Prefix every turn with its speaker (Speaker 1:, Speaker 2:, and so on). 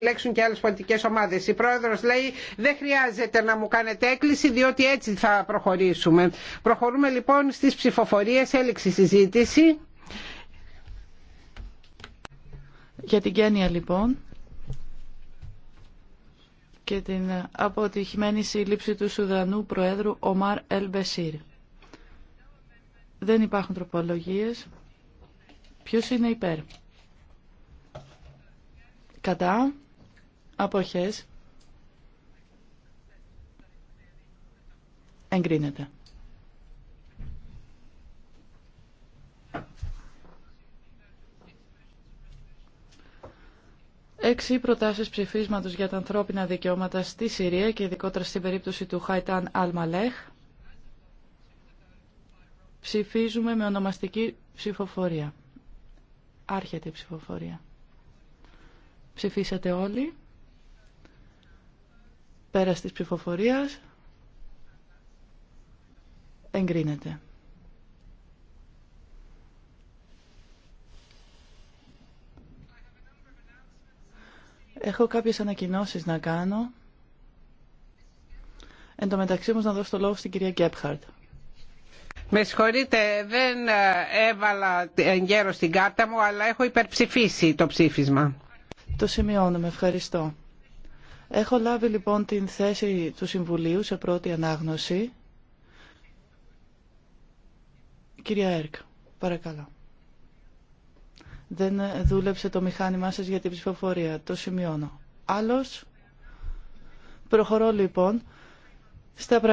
Speaker 1: Λέξουν και άλλες πολιτικές ομάδες. Η πρόεδρος λέει δεν χρειάζεται να μου κάνετε έκκληση διότι έτσι θα προχωρήσουμε. Προχωρούμε λοιπόν στις ψηφοφορίες, έληξη συζήτηση.
Speaker 2: Για την Κένια λοιπόν και την αποτυχημένη σύλληψη του Σουδανού Προέδρου Ομάρ Ελμπεσίρ. Δεν υπάρχουν τροπολογίες. Ποιος είναι υπέρ. Κατά. Αποχές. Εγκρίνεται. Έξι προτάσεις ψηφίσματος για τα ανθρώπινα δικαιώματα στη Συρία και ειδικότερα στην περίπτωση του Χαϊτάν Αλμαλέχ. Ψηφίζουμε με ονομαστική ψηφοφορία. Άρχεται η ψηφοφορία. Ψηφίσατε όλοι. Πέρας της ψηφοφορίας εγκρίνεται. Έχω κάποιες ανακοινώσεις να κάνω. Εν τω μεταξύ όμως να δώσω το λόγο στην κυρία Γκέπχαρτ.
Speaker 1: Με συγχωρείτε, δεν ε, έβαλα γέρο στην κάρτα μου, αλλά έχω υπερψηφίσει το ψήφισμα.
Speaker 2: Το σημειώνουμε, ευχαριστώ. Έχω λάβει λοιπόν την θέση του Συμβουλίου σε πρώτη ανάγνωση. Κυρία Έρκ, παρακαλώ. Δεν δούλεψε το μηχάνημά σας για την ψηφοφορία. Το σημειώνω. Άλλος. Προχωρώ λοιπόν στα